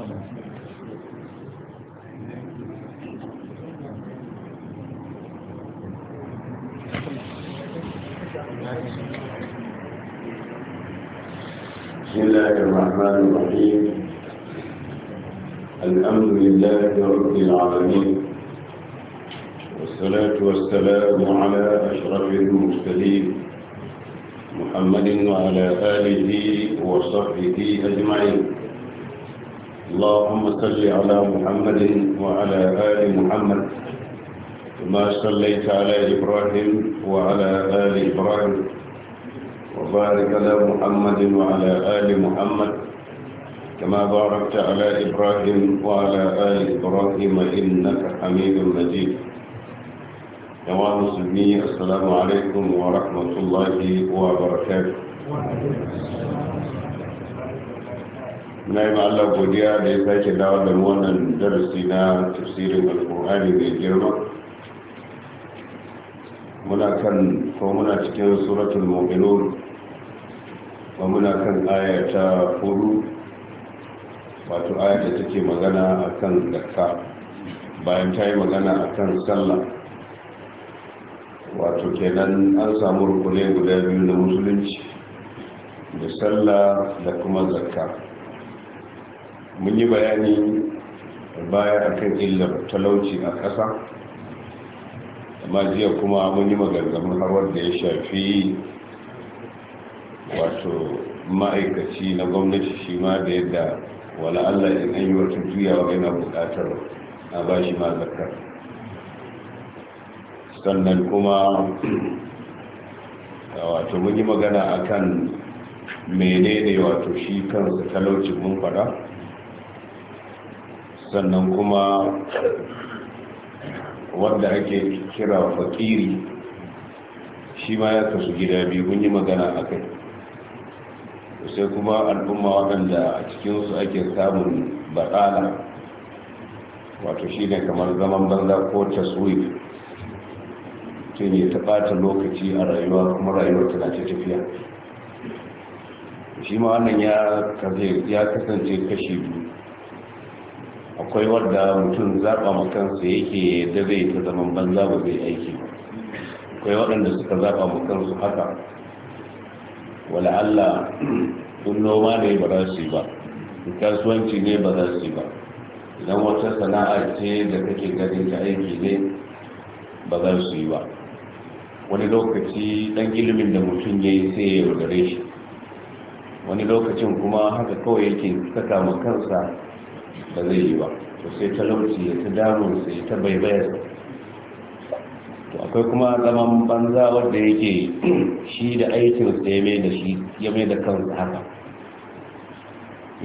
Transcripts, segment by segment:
بسم الله الرحمن الرحيم الحمد لله رب العالمين والصلاة والسلام على أشرف المرسلين محمد وعلى آله وصحبه أجمعين اللهم صل على محمد وعلى آل محمد كما صليت على إبراهيم وعلى آل إبراهيم وبارك على محمد وعلى آل محمد كما باركت على إبراهيم وعلى آل إبراهيم إنك حميد مجيد يا السلام عليكم ورحمة الله وبركاته na yi Allah godiya da ya sake dawo da wannan darasi na tafsirin alkur'ani mai girma muna kan ko muna cikin suratul mu'minun ko muna kan aya ta hudu wato aya da take magana a kan zakka bayan ta yi magana a kan sallah wato kenan an samu rukunai guda biyu na musulunci da sallah da kuma zakka mun yi bayani baya akan illar talauci a ƙasa amma jiya kuma mun yi maganganun harwar da ya shafi wato ma'aikaci na gwamnati shi ma da yadda wala Allah in an yi wata juyawa yana buƙatar a ba shi ma zakar sannan kuma wato mun yi magana akan menene wato shi kan talaucin mun fara sannan kuma wanda ake kira fakiri shi ma ya kasu gida biyu kun yi magana a kai sai kuma al'umma waɗanda a cikinsu ake samun baɗala wato shi ne kamar zaman banza ko taswif ne ta ɓata lokaci a rayuwa kuma rayuwar tana ce tafiya shi ma wannan ya kasance kashi biyu akwai wadda mutum zaɓa makansa yake da zai ta zaman banza ba zai aiki akwai waɗanda suka zaɓa makansu haka wala Allah sun noma ne ba za su yi ba kasuwanci ne ba za su yi ba idan wata sana'a ce da kake ganin ta aiki ne ba za su yi ba wani lokaci dan ilimin da mutum ya yi sai ya yi shi wani lokacin kuma haka kawai yake saka ma kansa ba zai yi ba to sai talauci ya ta damun sai ta bayar to akwai kuma zaman banza wanda yake shi da aikin sai mai da shi ya mai da kansa haka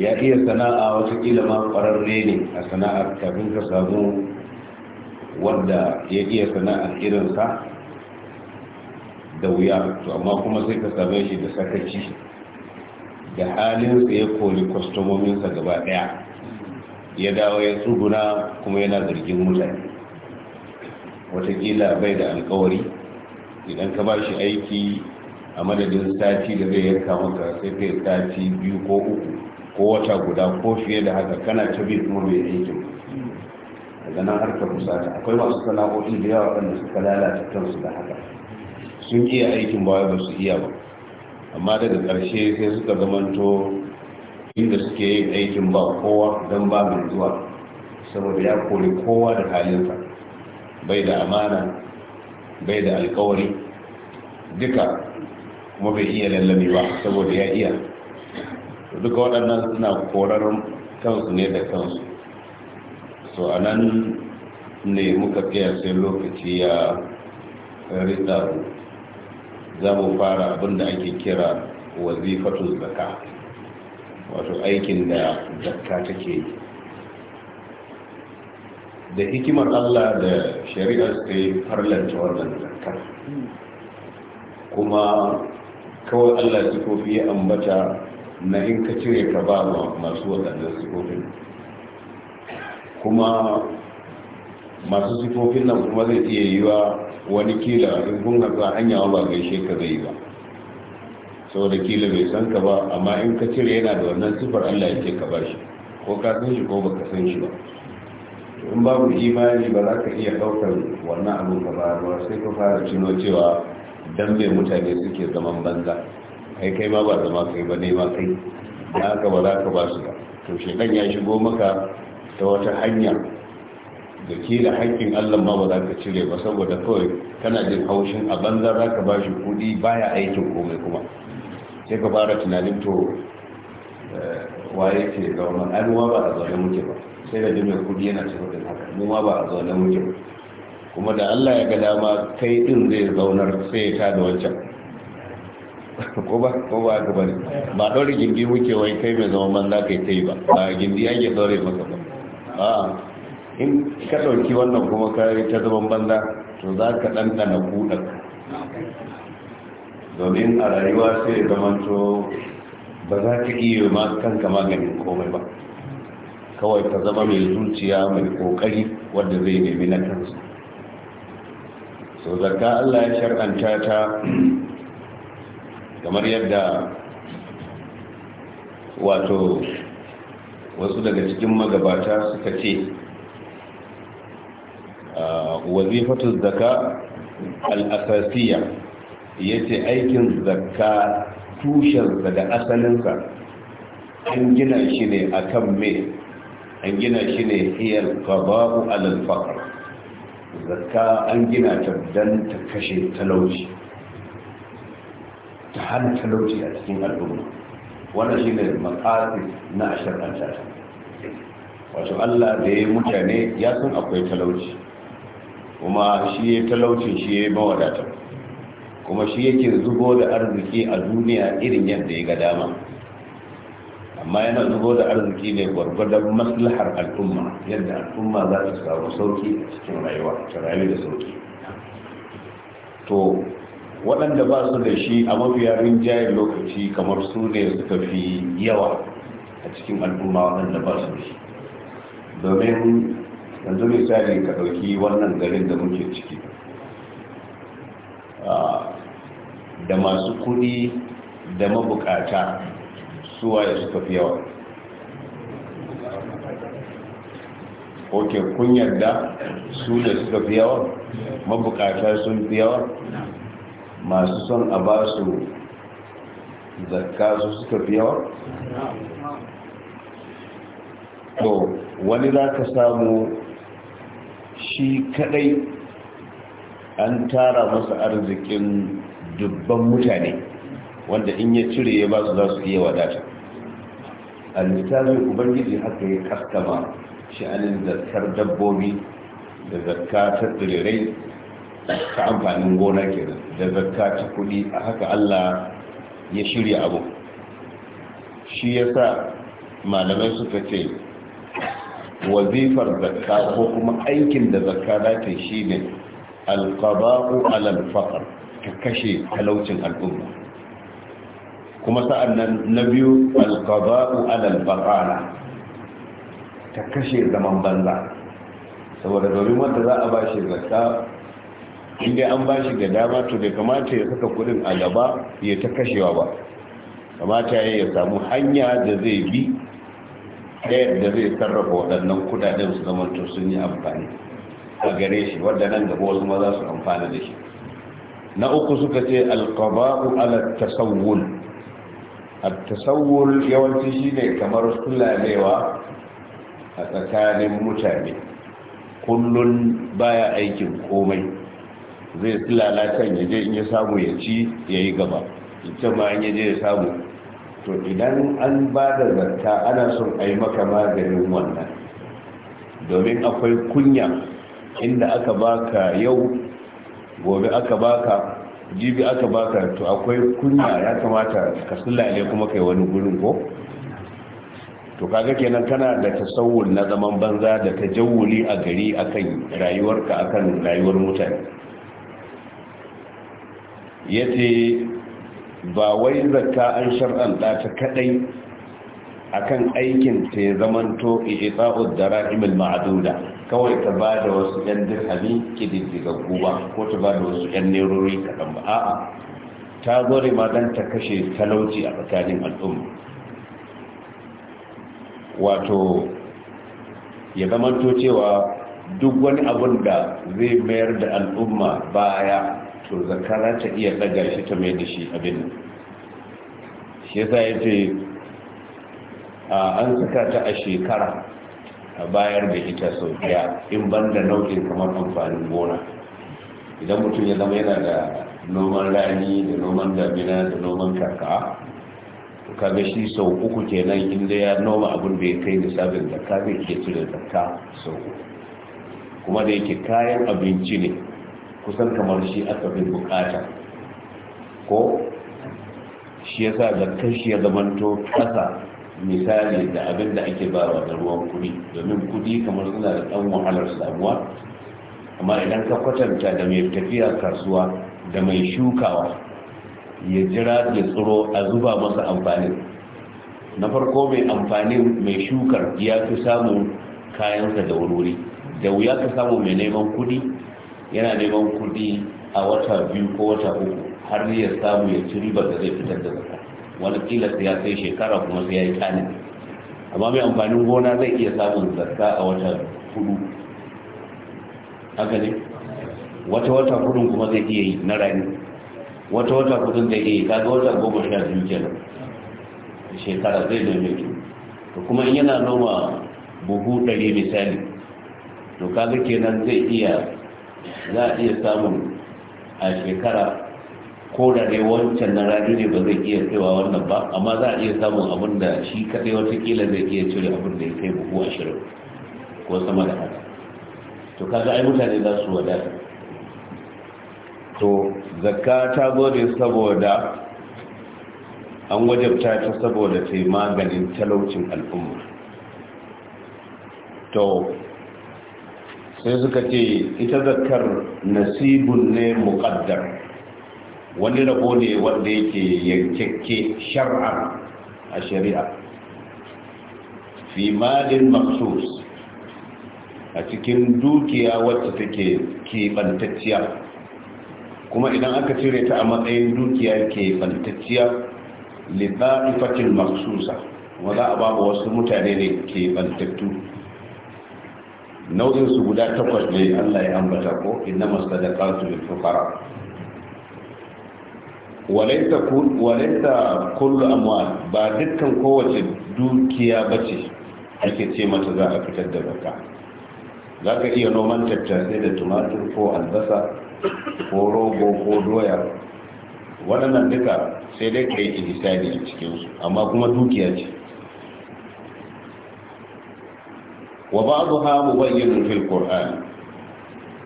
ya iya sana'a kila ma kwararre ne a sana'ar kafin ka samu wanda ya iya sana'ar irinsa da wuya to amma kuma sai ka same shi da sakaci da halin ya koli kwastomominsa gaba daya ya dawo ya tsuguna kuma yana zargin mutane watakila bai da alkawari idan ka ba shi aiki a madadin sati da zai yanka maka sai kai sati biyu ko uku ko wata guda ko fiye da haka kana ta bi kuma mai aikin daga nan har ka fusata akwai masu sana'o'i da yawa wanda suka lalata kansu da haka sun iya aikin ba ba su iya ba amma daga ƙarshe sai suka zamanto inda suke yin aikin ba kowa don ba mai zuwa saboda ya kori kowa da halinsa bai da amana bai da alkawari duka kuma bai iya lallami ba saboda ya iya duka waɗannan suna korar kansu ne da kansu so a nan ne muka fiya sai lokaci ya rita za mu fara abinda ake kira wazifatun zaka wato aikin da zakka take yi da hikimar Allah da shari'ar ta yi farlanta wannan zakka kuma kawai Allah sifofi ya ambata na in ka cire ka ba masu waɗannan sifofin kuma masu sifofin nan kuma zai iya yiwa wani kila in kun hatsa hanya ba gaishe ka zai yi ba saboda kila bai san ka ba amma in ka cire yana da wannan sifar Allah ya ka ba shi ko ka san shi ko baka san shi ba in babu imani ba za ka iya ɗaukar wannan abin ka ba ba sai ka fara tuno cewa dan bai mutane suke zaman banza kai kai ma ba zama kai ba ne ma kai da haka ba za ka ba su ba to shekan ya shigo maka ta wata hanya da ke da haƙƙin allah ma ba za ka cire ba saboda kawai kana jin haushin a banza za ka ba shi kuɗi baya aikin komai kuma sai ka fara tunanin to eh, waye ke zaune ai mu ba a zaune muke ba sai da jimai kudi yana cikin din haka mu ma ba a zaune muke ba kuma da Allah ya ga dama kai din zai zaunar sai ya tada wancan ko ba ko ba ga bari? ba dore gindi muke wai kai mai zaman man za kai tai ba ba gindi ke daure maka ba a in ka dauki wannan kuma kai ta zaman banza to za ka ɗanɗana kuɗa domin a rayuwa sai ya zamanto ba za ta iya ma kanka maganin komai ba kawai ka zama mai zuciya mai kokari wanda zai nemi na kansa so zakka allah ya shar'anta ta kamar yadda wato wasu daga cikin magabata suka ce ah, wazifatu zaka al-asasiyya ya ce aikin zakka tushensa da asalinsa an gina shi ne a kan me an gina shi ne hiyar kababu alalfakar zakka an gina ta don ta kashe talauci ta hana talauci a cikin al'umma wannan shi ne makasi na ashirin an wato allah da ya mutane ya san akwai talauci kuma shi ya talaucin shi ya yi mawadatar kuma shi yake zubo da arziki a duniya irin yadda ya ga dama amma yana zubo da arziki ne gwargwadon maslahar al'umma yadda al'umma za su samu sauki a cikin rayuwa ta rayu da sauki to waɗanda ba su da shi a mafiya rinjayen lokaci kamar su ne suka fi yawa a cikin al'umma waɗanda ba su da shi domin yanzu misali ka ɗauki wannan garin da muke ciki ah, da masu kuɗi da mabukata suwaye suka fi yawa ok kun yarda su da suka fi yawa mabukata sun fi yawa masu son a ba su zakka su suka fi yawa to wani za ka samu shi kadai an tara masa arzikin dubban mutane wanda in ya cire ya ba su za su iya wadata al-misalin ubangiji haka ya kaskama sha'anin zarkar dabbobi da zakka ta tsirrai ta amfanin gona ke da zakka ta kudi a haka Allah ya shirya abu shi yasa malamai suka ce wazifar zakka ko kuma aikin da zakka za ta shi ne alqaba'u alal ta kashe talaucin al'umma kuma sa'an nan na biyu alkaba'u alalbakana ta kashe zaman banza saboda domin wanda za a ba shi zarta inda an bashi shi ga dama to bai kamata ya saka kudin a gaba ya ta kashewa ba kamata ya samu hanya da zai bi ta da zai sarrafa waɗannan kudaden su zama to sun yi amfani a gare shi waɗannan nan gaba wasu ma za su amfana da shi na uku suka ce alqaba'u ala tasawul at-tasawwul yawanci ne kamar sulalewa a tsakanin mutane kullum baya aikin komai zai sulala can ya je in ya samu ya ci ya yi gaba ita ma in yi je ya samu to idan an ba da zarta ana son a yi maka maganin wannan domin akwai kunya inda aka baka yau gobe aka baka jibi aka baka to akwai kunya ya kamata ka sulale kuma kai wani gurin ko to kaga kenan kana da tasawul na zaman banza da tajawuli a gari akan rayuwarka akan rayuwar mutane yace ba wai zakka an shar'anta ta kadai akan aikin ta ya zamanto i'ta'ud darahim al-ma'duda kawai ta ba da wasu yan dirhami kididdigaggu ba ko ta ba wasu yan nerori kaɗan ba a'a ta gore ma dan ta kashe talauci a tsakanin al'umma wato ya zamanto cewa duk wani abun da zai mayar da al'umma baya to zakara ta iya daga shi ta mai da shi abin shi yasa ya ce an saka ta a shekara a bayar da ita sau daya in ban da nau'in kamar amfanin gona idan mutum ya zama yana da noman rani da noman damina da noman kaka kaga shi sau uku kenan inda ya noma abin da ya kai lissafin da zai ke cire zakka sau kuma da yake kayan abinci ne kusan kamar shi aka fi bukata ko shi yasa zakkar shi ya zamanto kasa misali da abin da ake ba da ruwan kudi domin kudi kamar suna da ɗan wahalar samuwa amma idan ka kwatanta da mai tafiya kasuwa da mai shukawa ya jira ya tsoro a zuba masa amfanin na farko mai amfanin mai shukar ya fi samun kayansa da wuri da wuya ka samu mai neman kudi yana neman kudi a wata biyu ko wata uku har ya samu ya ci ribar da zai fitar da zaka wani kila ya sai shekara kuma sai ya yi tani. amma mai amfanin gona zai iya samun zakka a wata hudu haka ne wata wata hudun kuma zai iya yi na rani wata wata hudun zai iya yi kaga wata goma sha biyu kenan shekara zai nome ki to kuma in yana noma buhu ɗari misali to kaga kenan zai iya za a iya samun a shekara ko da dai wancan na raju ne ba zai iya kaiwa wannan ba amma za a iya samun abin da shi kadai watakila zai iya cire abin da ya kai buhu ashirin ko sama da haka to kaga ai mutane za su wadata to zakka ta gode saboda an wajabta ta saboda ta maganin talaucin al'umma to sai suka ce ita zakkar nasibun ne muƙaddar wani rabo ne wanda yake yankakke shar'a a shari'a fi malin maksus a cikin dukiya wacce take keɓantacciya kuma idan aka cire ta a matsayin dukiya keɓantacciya littafifatin maksusa wa za a babu wasu mutane ne keɓantattu nau'insu guda takwas ne allah ya ambata ko inna masu da lil fuqara walaita kullu amwal ba dukkan kowace dukiya ba ce ake ce mata za a fitar da baka za ka iya noman tattasai da tumatur ko albasa ko rogo ko doya waɗannan duka sai dai ka yi ilisani a cikinsu amma kuma dukiya ce wa ba ha mu bayyana fil qur'ani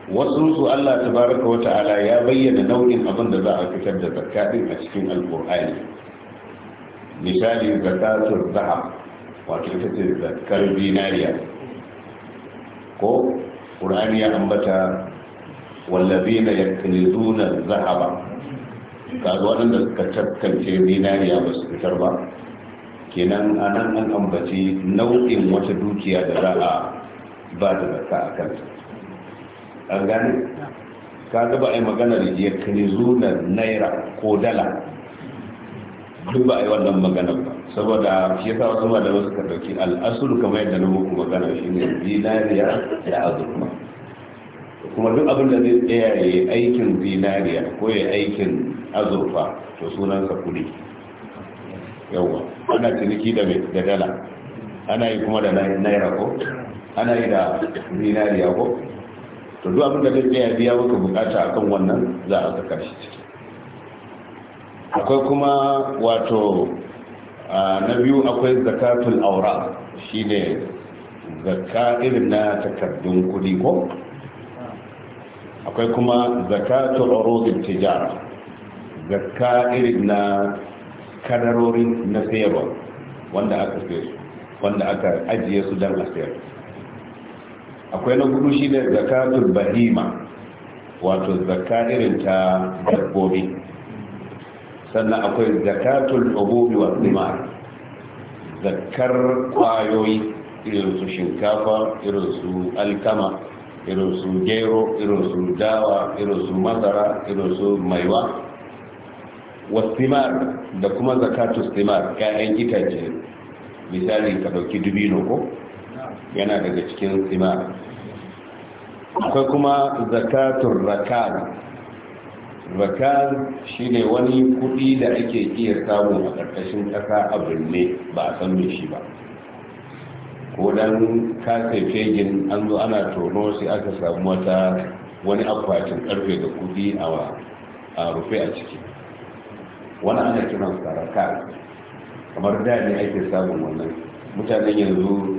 wasu su Allah tabaraka wa ta'ala ya bayyana nau'in abin da za a fitar da zakka din a cikin alqur'ani misali zakatul zahab wato ita ce zakkar dinariya ko qur'ani ya ambata wallazina yaknizuna zahaba kaga waɗanda suka taskance dinariya ba su fitar ba kenan anan an ambaci nau'in wata dukiya da za a ba da zakka a kanta an gane ka ga ba a yi maganar ya kirizu na naira ko dala duk ba a yi wannan maganar ba saboda shi yasa wasu da wasu ka dauki al'asulu kamar yadda na muku magana shi ne zinariya da azurma kuma duk abin da zai tsaya ya yi aikin zinariya ko ya aikin azurfa to sunansa kuɗi? yawwa ana ciniki da dala ana yi kuma da naira ko ana yi da zinariya ko to duk abin da zai tsaya biya maka bukata akan wannan za a saka shi ciki akwai kuma wato na biyu akwai zakatul aura shine zakka irin na takardun kudi ko akwai kuma zakatul urudin tijara zakka irin na kadarorin na sayarwa wanda aka sayar wanda aka ajiye su dan a sayar akwai na gudu shi ne zakatun bahima wato zaka irin ta dabbobi sannan akwai zakatun ububi wa zimar zakar kwayoyi irin su shinkafa irin su alkama irin su gero irin su dawa irin su masara irin su maiwa wasimar da kuma zakatun simar 'ya'yan itace misali ka dauki dubino ko yana daga cikin simar akwai kuma zakatun rakal shi ne wani kudi da ake iya samu a ƙarƙashin ƙasa a birni ba a san me shi ba ko dan kasa fegin an zo ana tono sai aka samu wata wani akwatin karfe da kudi a rufe a ciki wani ana kiran rakal kamar da ne ake samun wannan mutanen yanzu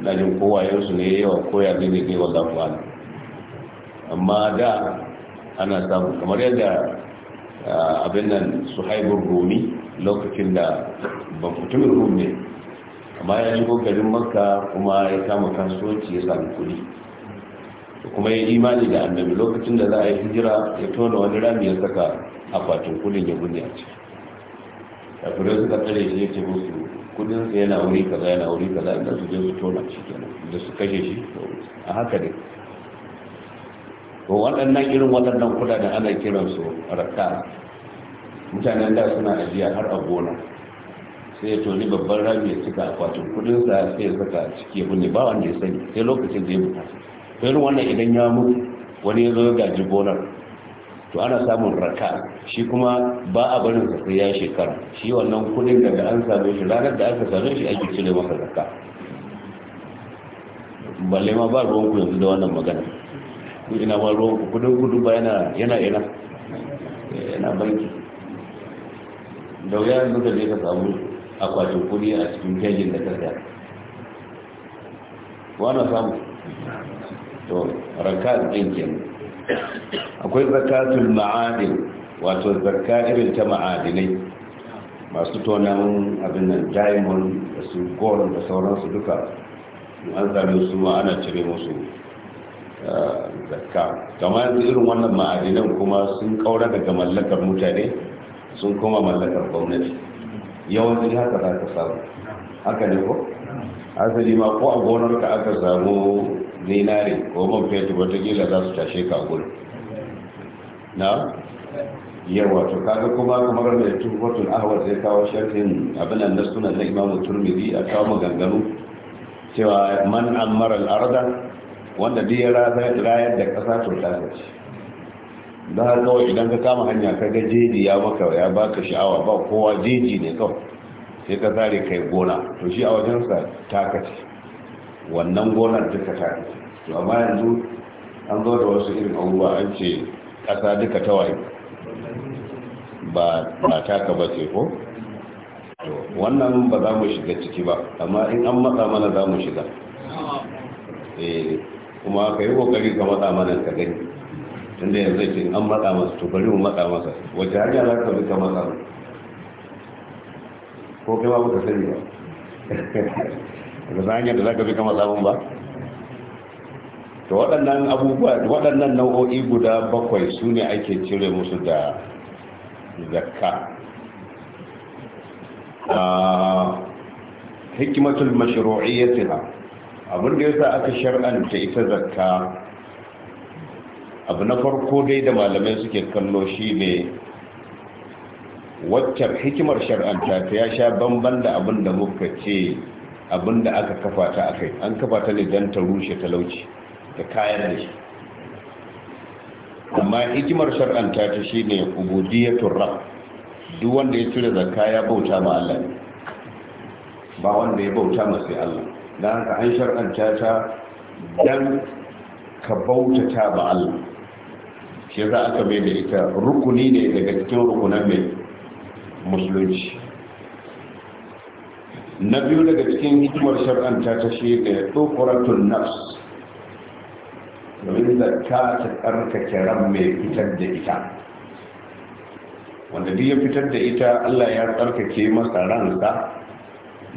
na jin kowayensu ne yawa koya ne ne ne wallahu amma da ana samu kamar yadda abin nan su haibun rumi lokacin da ban mutumin rumi ne amma ya shigo garin makka kuma ya kama kasuwanci ya sami kuɗi kuma ya imani da annabi lokacin da za a yi hijira ya tona wani rami ya saka akwatin kudin ya bunne a ciki kafirai suka tare shi ya ce musu kudin sa yana wuri kaza yana wuri kaza inda su je su tona shi kenan da su kashe shi a haka dai to waɗannan irin waɗannan kudaden ana kiran su raka mutanen da suna ajiya har a gona sai ya toni babban rami ya cika akwatin kudin sa sai ya saka ciki ya bunne ba wanda ya sani sai lokacin da ya mutu to irin wannan idan ya mutu wani ya zo ya gaji gonar to ana samun raka shi kuma ba a barin sa sai ya shekara shi wannan kudin daga an same shi ranar da aka same shi ake cire masa raka balle ma ba ruwan ku yanzu da wannan magana ku ina ba ruwan ku kudin kudu ba yana yana yana eh, yana banki da wuya yanzu da ne ka samu akwatin kudi a cikin kejin da ka saya wa samu to raka ɗin kenan akwai zakatul ma'adin wato zakka irin ta ma'adinai masu tonan abin nan diamond da su gold da sauransu duka an zabe su ma ana cire musu eh, zakka kamar irin wannan ma'adinan kuma sun kaura daga mallakar mutane sun koma mallakar gwamnati yawanci haka za ka samu haka ne ko asali ma ko a gonar ka aka samu zinare ko man fetur watakila za su tashe ka guri. na yawa to kaga kuma kamar da tuhfatul ahwal zai kawo sharhin abin nan nasuna na imam turmizi a kawo maganganu cewa man an al-arda wanda duk ya rayar da kasa to ta ce da har kawai idan ka kama hanya ka ga jeji ya maka ya baka sha'awa ba kowa jeji ne kawai sai ka zare kai gona to shi a wajen sa ta wannan gonar duka ta to amma yanzu an zo da wasu irin abubuwa an ce ƙasa duka ta waye ba taka ba ce ko wannan ba za mu shiga ciki ba amma in an matsa mana za mu shiga eh, kuma ka yi kokari ka matsa mana ka gani tunda yanzu ce an matsa masa to bari mu matsa masa wacce hanya za ka bi ka matsa ko kai ba ta sani ba daga san da za ka fi kama sabon ba Ta waɗannan abubuwa waɗannan nau'o'i guda bakwai su ne ake cire musu da zakka hikimatul mashru'iyyatiha abin da yasa aka shar'anta ita zakka abu na farko dai da malamai suke kallo ne. wacce hikimar shar'anta ta ya sha bamban da abin da muka ce Abin da aka kafa ta akai an kafa ta ne don ta rushe talauci ta kayan da shi amma hikimar shar'anta ta shine ubudiyatur rabb duk wanda ya cire zakka ya bauta ma Allah ba wanda ya bauta ma sai Allah dan haka an shar'anta ta dan ka ta ba Allah shi za aka mai da ita rukuni ne daga cikin rukunan mai musulunci na biyu daga cikin hikimar shar'anta ta shi ga tsokoratun nafs domin da ta tsarkake ran mai fitar da ita wanda duk ya fitar da ita allah ya tsarkake masa ransa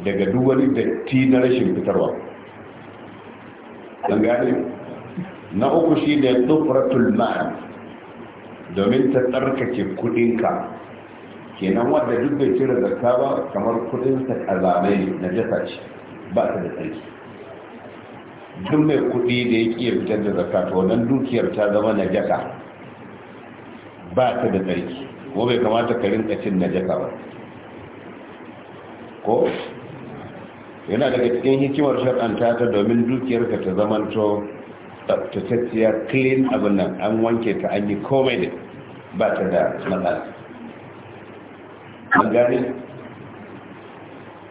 daga duwani da datti na rashin fitarwa an gane na uku shi da tsokoratun ma'a domin ta tsarkake kudinka kenan wanda duk bai cire zarta ba kamar ta kazamai na jasa ce ba ta da tsarki duk mai kudi da ya ya fitar da zarta to wannan dukiyar ta zama na jasa ba ta da tsarki ko bai kamata ka rinka cin na jasa ba ko yana daga cikin hikimar shar'anta ta domin dukiyar ka ta ta tsaftatacciya clean abin nan an wanke ta an yi komai da ba ta da matsala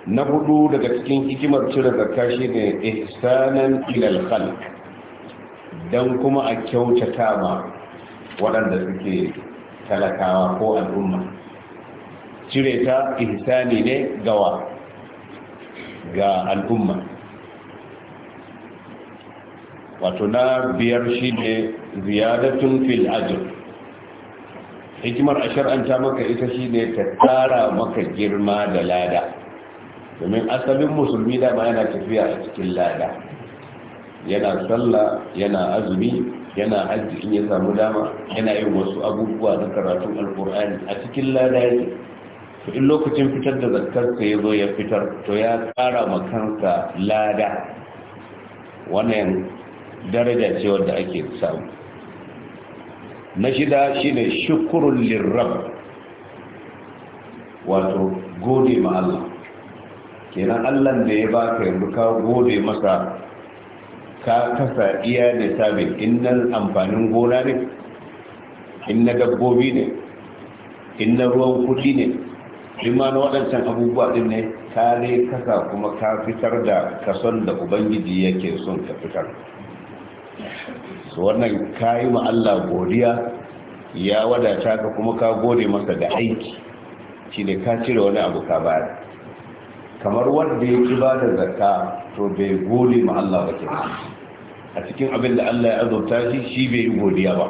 na hudu daga cikin hikimar cire zakka ne ihsanan ilal khalq dan kuma a kyautata ma waɗanda suke talakawa ko al'umma cire ta ihsani ne gawa ga al'umma wato na biyar shine ziyadatun fil ajr hikimar a shar'anta maka ita shi ne ta tsara maka girma da lada domin asalin musulmi dama yana tafiya a cikin lada yana sallah yana azumi yana hajji in ya samu dama yana yin wasu abubuwa na karatun alkur'ani a cikin lada yake to in lokacin fitar da zakarsa ya zo ya fitar to ya tsara makansa lada wannan daraja ce wadda ake samu na shida shi ne shukurun lirrab wato gode ma Allah kenan Allah da ya baka yadda ka gode masa ka kasa iya ne sabi inan amfanin gona ne inan dabbobi ne inan ruwan kudi ne in na waɗancan abubuwa ɗin ne ka ne kasa kuma ka fitar da kason da ubangiji yake son ka fitar su wannan ka yi ma Allah godiya ya wadata ka kuma ka gode masa da aiki shi ne ka cire wani abu ka bayar kamar wanda ya ci ba da zakka to bai gode ma Allah ba ke a cikin abin da Allah ya azauta shi shi bai yi godiya ba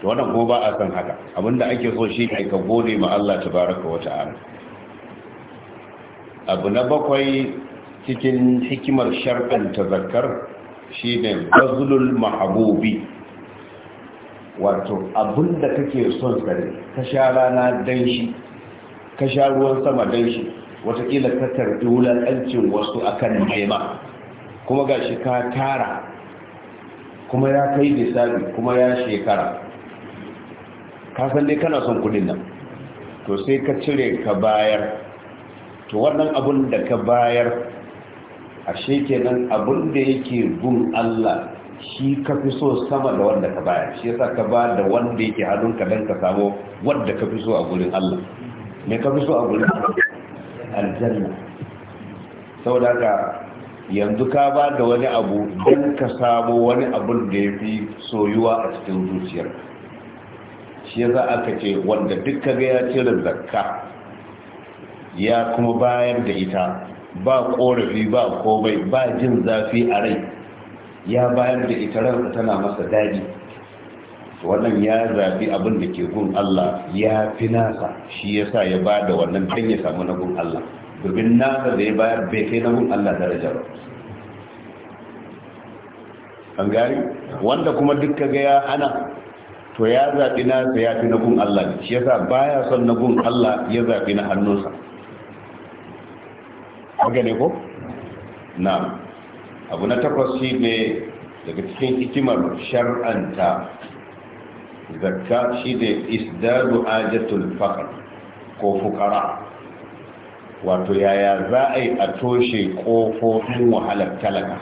to wannan ko ba a san haka abinda ake so shi ne ka gode ma Allah baraka wa ta'ala abu na bakwai cikin hikimar shar'anta zakkar Shi ne, bazulul mahabubi wato abinda kake son kare ka sha rana dan shi ka sha ruwan sama dan shi watakila ka karɓi wulaƙancin wasu akan nema kuma ga ka tara kuma ya kai lissafi kuma ya shekara ka san dai kana son kudin nan to sai ka cire ka bayar to wannan abun da ka bayar ashe kenan abin da yake gun Allah shi ka fi so sama da wanda ka bayar shi yasa ka ba da wanda yake hannunka dan ka samu wanda ka fi so a gurin Allah me ka fi so a gurin aljanna saboda ka yanzu ka ba da wani abu don ka samu wani abun da ya fi soyuwa a cikin zuciyar shi yasa aka ce wanda duk ka ga ya cire zakka ya kuma bayar da ita ba korafi ba komai ba jin zafi a rai ya bayar da ita ran tana masa daɗi wannan ya zafi abin da ke gun Allah ya fi nasa shi yasa ya ba da wannan don ya samu na gun Allah domin nasa da ya bayar bai kai na gun Allah daraja ba an gari wanda kuma duk ka ya ana to ya zaɓi nasa ya fi na gun Allah shi yasa baya son na gun Allah ya zaɓi na hannunsa haka ne ko na abu na takwas shi ne daga cikin hikimar shar'anta zakka shi ne isdadu ajatul fakar ko fukara wato yaya za a yi a toshe kofofin wahalar talaka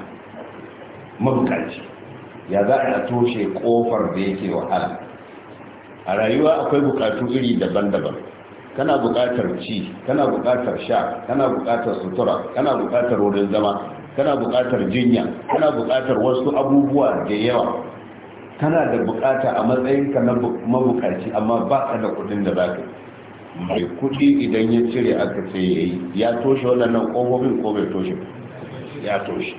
mabukaci ya za a toshe kofar da yake wahala a rayuwa akwai bukatu iri daban-daban kana buƙatar ci kana buƙatar sha kana buƙatar sutura kana buƙatar wurin zama kana buƙatar jinya kana buƙatar wasu abubuwa da yawa kana da buƙata a matsayinka na mabuƙaci amma ba ka da kuɗin da za ka mai kuɗi idan ya cire aka ce ya yi ya toshe waɗannan ƙofofin ko bai toshe ya toshe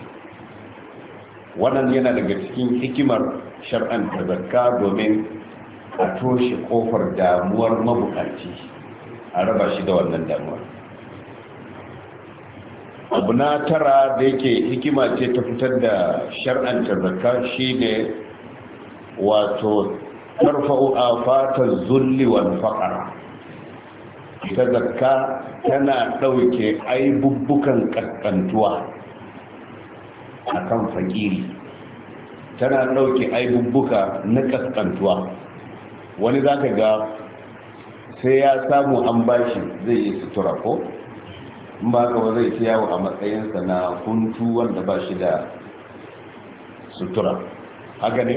wannan yana daga cikin hikimar shar'anta zakka domin a toshe ƙofar damuwar mabuƙaci. a raba shi da wannan damuwa abu na tara da yake hikima ce ta fitar da zaka shi ne, wato tarfa'u fata zulli wal faqr ita zaka tana ɗauke aibubbukan ƙasƙantuwa a kan fakiri tana ɗauke aibubbuka na ƙasƙantuwa wani za ka ga sai ya samu an bashi zai yi sutura ko in ba ka zai fi yawo a matsayinsa na kuntu wanda ba shi da sutura haka ne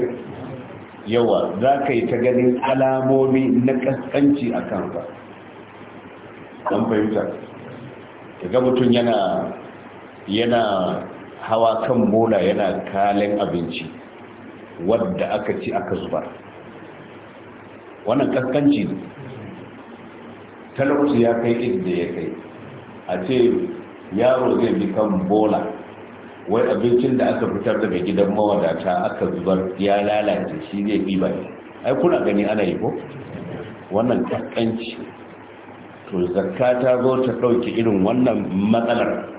yawa za ka yi ta ganin alamomi na kaskanci a kansa an fahimta daga mutum yana yana hawa kan mola yana kalin abinci wadda aka ci aka zubar wannan kaskanci ne talauci ya kai inda ya kai a ce yaro zai bi kan bola wai abincin da aka fitar daga gidan mawadata aka zubar ya lalace shi zai bi ne ai kuna gani ana yi ko wannan kaskanci to zakka ta zo ta ɗauki irin wannan matsalar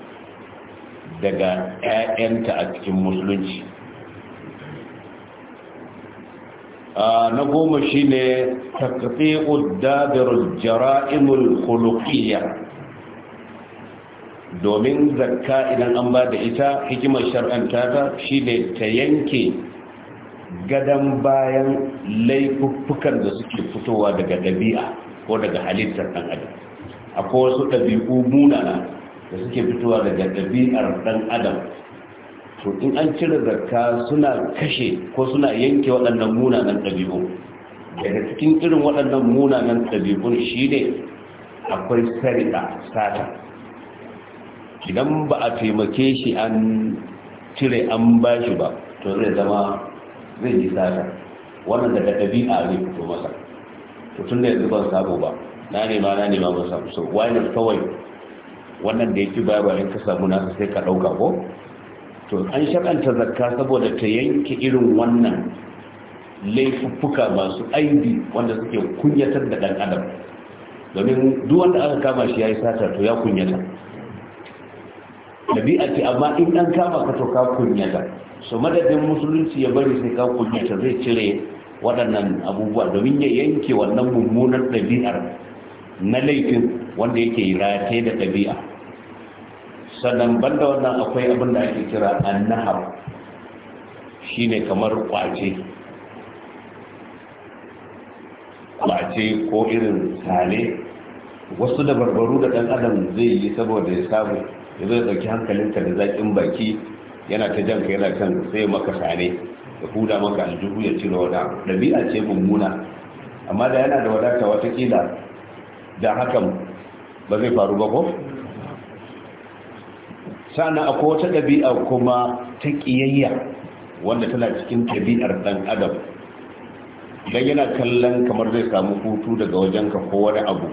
daga 'ya'yanta a cikin musulunci na goma shine taqti'ud dabirul jara'imul khuluqiyya domin zakka idan an ba da ita hikimar shar'anta ta shine ta yanke gadon bayan laifuffukan da suke fitowa daga ɗabi'a ko daga halittar ɗan adam akwai wasu ɗabi'u munana da suke fitowa daga ɗabi'ar ɗan adam to in an cire zakka suna kashe ko suna yanke waɗannan munanan ɗabi'u daga cikin irin waɗannan munanan ɗabi'un shi ne akwai sarida sata idan ba a taimake shi an cire an ba shi ba to zai zama zai yi sata wannan daga ɗabi'a ne fito masa to tun da yanzu ban sabo ba na nema na nema ban samu so wani kawai wannan da yake bayarwa in ka samu nasa sai ka ɗauka ko to an shakanta zakka saboda ta yanke irin wannan laifuffuka masu aibi wanda suke kunyatar da ɗan adam domin duk wanda aka kama shi ya yi sata to ya kunyata ɗabi'a ce amma in an kama ka to ka kunyata so madadin musulunci ya bari sai ka kunyata zai cire waɗannan abubuwa domin ya yanke wannan mummunar ɗabi'ar na laifin wanda yake rataye da ɗabi'a sannan banda wannan akwai abin da ake kira annahar ne kamar kwace kwace ko irin sale wasu da barbaru da ɗan adam zai yi saboda ya samu ya zai ɗauki hankalinka da zaƙin baki yana ta janka yana can sai maka sane ya huda maka aljihu ya cire wada ɗabi'a ce mummuna amma da yana da wadata watakila da hakan ba zai faru ba ko sannan akwai wata ɗabi'a kuma ta ƙiyayya wanda tana cikin ɗabi'ar ɗan adam idan yana kallon kamar zai samu hutu daga wajenka ko wani abu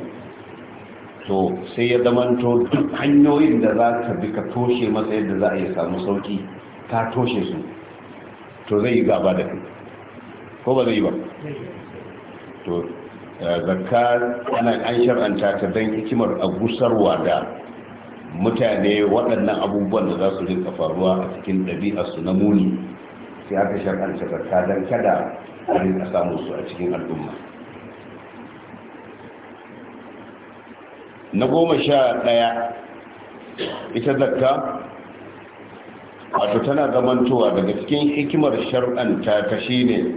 to sai ya zamanto duk hanyoyin da za ka bi ka toshe masa yadda za a yi samu sauki ka toshe su to zai yi gaba da kai ko ba zai yi ba to eh, zakka ana an shar'anta ta don hikimar a gusarwa da mutane waɗannan abubuwan da za su rinka faruwa a cikin ɗabi'arsu na muni sai aka shakanta zakka don kada a rinka samun su a cikin al'umma na goma sha ɗaya ita zakka wato tana zamantowa daga cikin hikimar shar'anta ta shi ne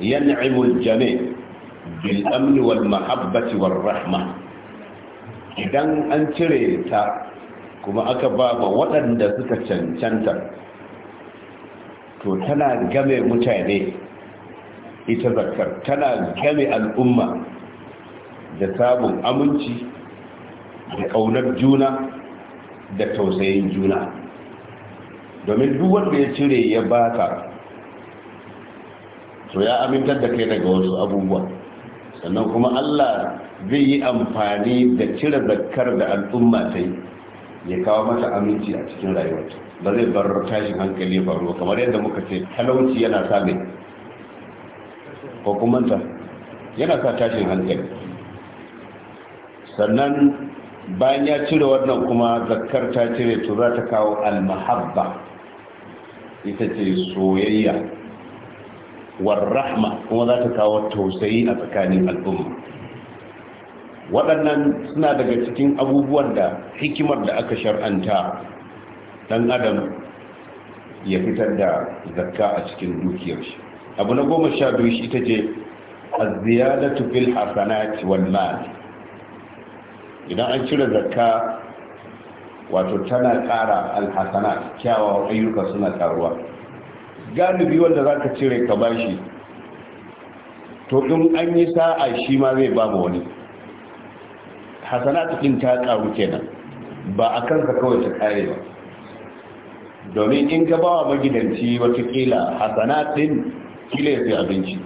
yan'imul jami bil amni wal mahabbati wal rahma idan an cire ta kuma aka ba ma waɗanda suka cancanta to tana game mutane ita zakar tana game al'umma da samun aminci da ƙaunar juna da tausayin juna domin duk wanda ya cire ya ta to ya amintar da kai daga wasu abubuwa sannan kuma Allah zai yi amfani da cire zakkar da al'umma ta yi ya kawo mata aminci a cikin rayuwarta ba zai bar tashin hankali faruwa kamar yadda muka ce talauci yana sa mai ko yana sa tashin hankali sannan bayan ya cire wannan kuma zakkar ta cire to za ta kawo almahabba ita ce soyayya warrahma kuma za ta kawo tausayi a tsakanin al'umma waɗannan suna daga cikin abubuwan da hikimar da aka shar'anta ɗan adam ya fitar da zakka a cikin dukiyar shi abu na goma sha biyu shi ita ce aziyadatu fil hasanati wal idan an cire zakka wato tana ƙara alhasanat kyawawan ayyuka suna ƙaruwa galibi wanda za ka cire ka shi. to in an yi sa'a shi ma zai ba mu wani hasana ɗin ta ƙaru kenan ba a kansa kawai ta kare ba domin in ka ba wa magidanci watakila ɗin kila ya fi abinci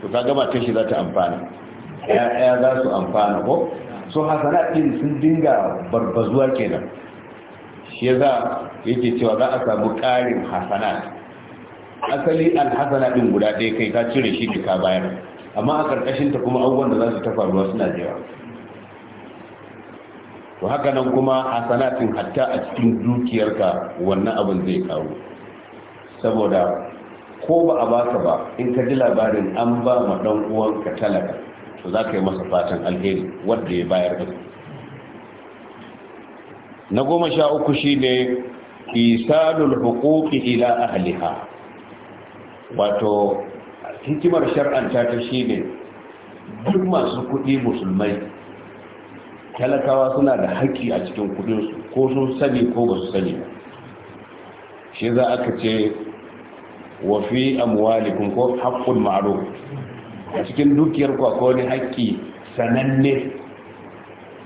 to ka gama ta shi za ta amfana ya za su amfana ko so ɗin sun dinga barbazuwa kenan shi ya za yake cewa za a samu ƙarin hasanat asali alhasana din guda ɗaya kai ka cire shi da ka bayar amma a ƙarƙashin ta kuma abubuwan da za su ta ruwa suna jewa. to haka nan kuma hasanatin hatta a cikin dukiyarka wannan abin zai kawo saboda ko ba a baka ba in ka ji labarin an ba ma ɗan ka talaka to za ka yi masa fatan alheri wanda ya bayar da na goma sha uku shi shine isalul huquqi ila ahliha wato hikimar shar'anta ta shi ne duk masu kuɗi musulmai talakawa suna da haƙƙi a cikin kuɗinsu ko sun sani ko ba su sani shi za aka ce wa fi ko haƙƙun ma'ruf a cikin dukiyar kwakwa akwai wani haƙƙi sananne